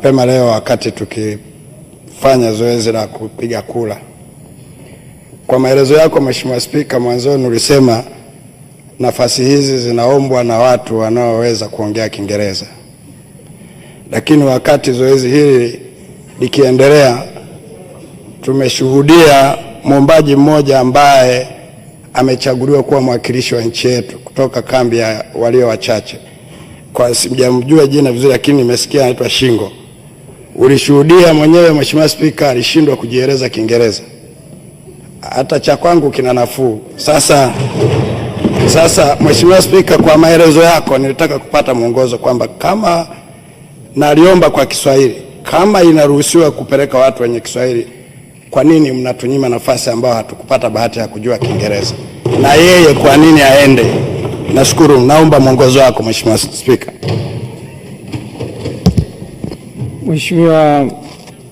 Mapema leo wakati tukifanya zoezi la kupiga kura, kwa maelezo yako Mheshimiwa Spika, mwanzoni ulisema nafasi hizi zinaombwa na watu wanaoweza kuongea Kiingereza, lakini wakati zoezi hili likiendelea, tumeshuhudia mwombaji mmoja ambaye amechaguliwa kuwa mwakilishi wa nchi yetu kutoka kambi ya walio wachache, kwa sijamjua jina vizuri, lakini nimesikia anaitwa Shingo Ulishuhudia mwenyewe Mheshimiwa Spika alishindwa kujieleza Kiingereza, hata cha kwangu kina nafuu. Sasa, sasa Mheshimiwa Spika, kwa maelezo yako nilitaka kupata mwongozo kwamba kama naliomba kwa Kiswahili, kama inaruhusiwa kupeleka watu wenye Kiswahili, kwa nini mnatunyima nafasi ambayo hatukupata bahati ya kujua Kiingereza na yeye, kwa nini aende? Nashukuru, naomba mwongozo wako Mheshimiwa Spika. Mheshimiwa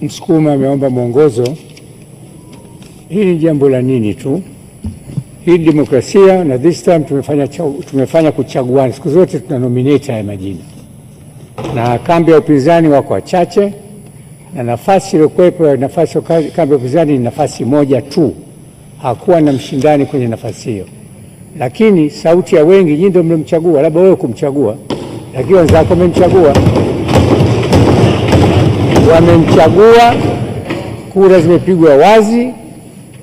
Msukuma ameomba mwongozo. Hii ni jambo la nini tu, hii demokrasia, na this time tumefanya, tumefanya kuchaguana. Siku zote tuna nominate haya majina, na kambi ya upinzani wako wachache, na nafasi iliyokuwepo ya nafasi kambi ya upinzani ni nafasi moja tu, hakuwa na mshindani kwenye nafasi hiyo, lakini sauti ya wengi, nyinyi ndio mlimchagua, labda wewe kumchagua, lakini wenzako wamemchagua wamemchagua, kura zimepigwa wazi,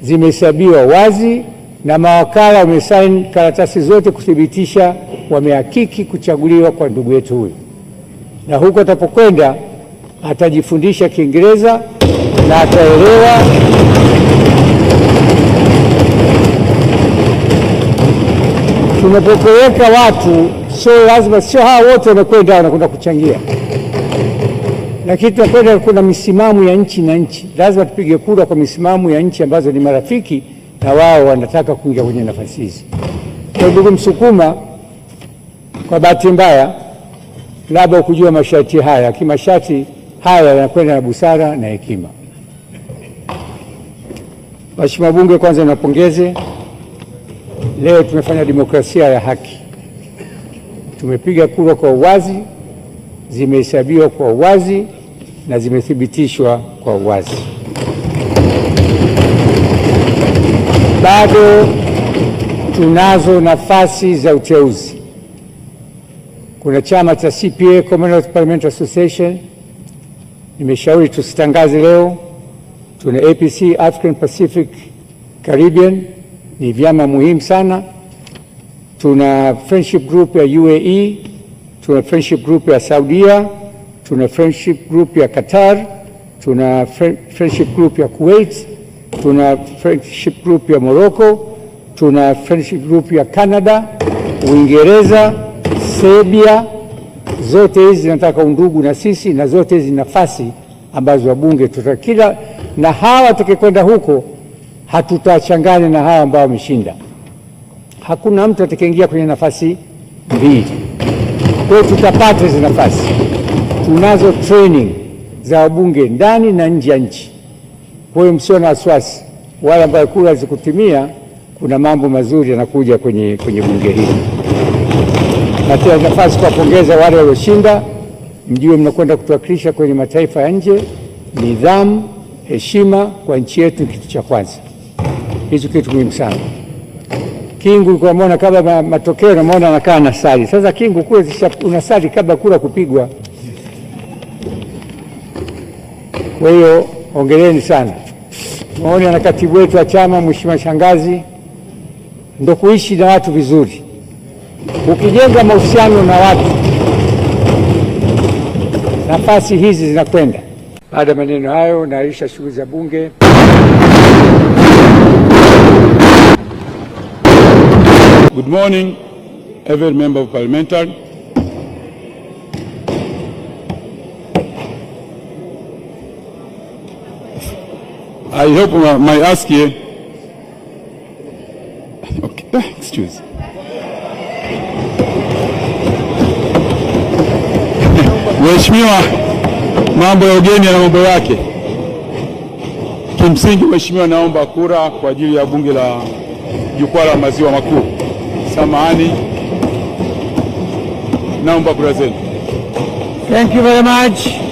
zimehesabiwa wazi na mawakala wamesaini karatasi zote kuthibitisha wamehakiki kuchaguliwa kwa ndugu yetu huyu, na huko atapokwenda atajifundisha Kiingereza na ataelewa tunapopeleka watu. Sio lazima, sio hawa wote wamekwenda wanakwenda kuchangia lakini tunakwenda, kuna misimamo ya nchi na nchi, lazima tupige kura kwa misimamo ya nchi ambazo ni marafiki na wao wanataka kuingia kwenye nafasi hizi. Kwa ndugu Msukuma, kwa bahati mbaya, labda ukujua masharti haya, lakini masharti haya yanakwenda na busara na hekima. Mheshimiwa Bunge, kwanza niwapongeze, leo tumefanya demokrasia ya haki, tumepiga kura kwa uwazi zimehesabiwa kwa uwazi na zimethibitishwa kwa uwazi. Bado tunazo nafasi za uteuzi. Kuna chama cha CPA, Commonwealth Parliamentary Association, nimeshauri tusitangaze leo. Tuna APC, African Pacific Caribbean, ni vyama muhimu sana. Tuna friendship group ya UAE tuna friendship group ya Saudia, tuna friendship group ya Qatar, tuna friendship group ya Kuwait, tuna friendship group ya Morocco, tuna friendship group ya Canada, Uingereza, Serbia. Zote hizi zinataka undugu na sisi, na zote hizi nafasi ambazo wabunge tutakila na hawa tukikwenda huko hatutachanganya na hawa ambao wameshinda. Hakuna mtu atakayeingia kwenye nafasi mbili. Kwa hiyo tutapata hizi nafasi. Tunazo training za wabunge ndani na nje ya nchi, kwa hiyo msio na wasiwasi. Wale ambayo kura hazikutimia, kuna mambo mazuri yanakuja kwenye, kwenye bunge hili. Natoa nafasi kuwapongeza wale walioshinda, mjue mnakwenda kutuwakilisha kwenye mataifa ya nje. Nidhamu, heshima kwa nchi yetu, kitu cha kwanza. Hicho kitu muhimu sana. Kingu kwa unaona kabla matokeo, unaona anakaa na sali. Sasa Kingu kule unasali kabla kura kupigwa. Kwa hiyo ongeleni sana, maoni na katibu wetu wa chama Mheshimiwa Shangazi, ndo kuishi na watu vizuri. Ukijenga mahusiano na watu, nafasi hizi zinakwenda. Baada ya maneno hayo, naahirisha shughuli za Bunge. Good morning, every member of parliament. I hope my ask here. Okay, excuse. Mheshimiwa, mambo ya ugeni na mambo yake. Kimsingi, Mheshimiwa, naomba kura kwa ajili ya bunge la jukwaa la maziwa makuu samahani, naomba kura zenu. Thank you very much.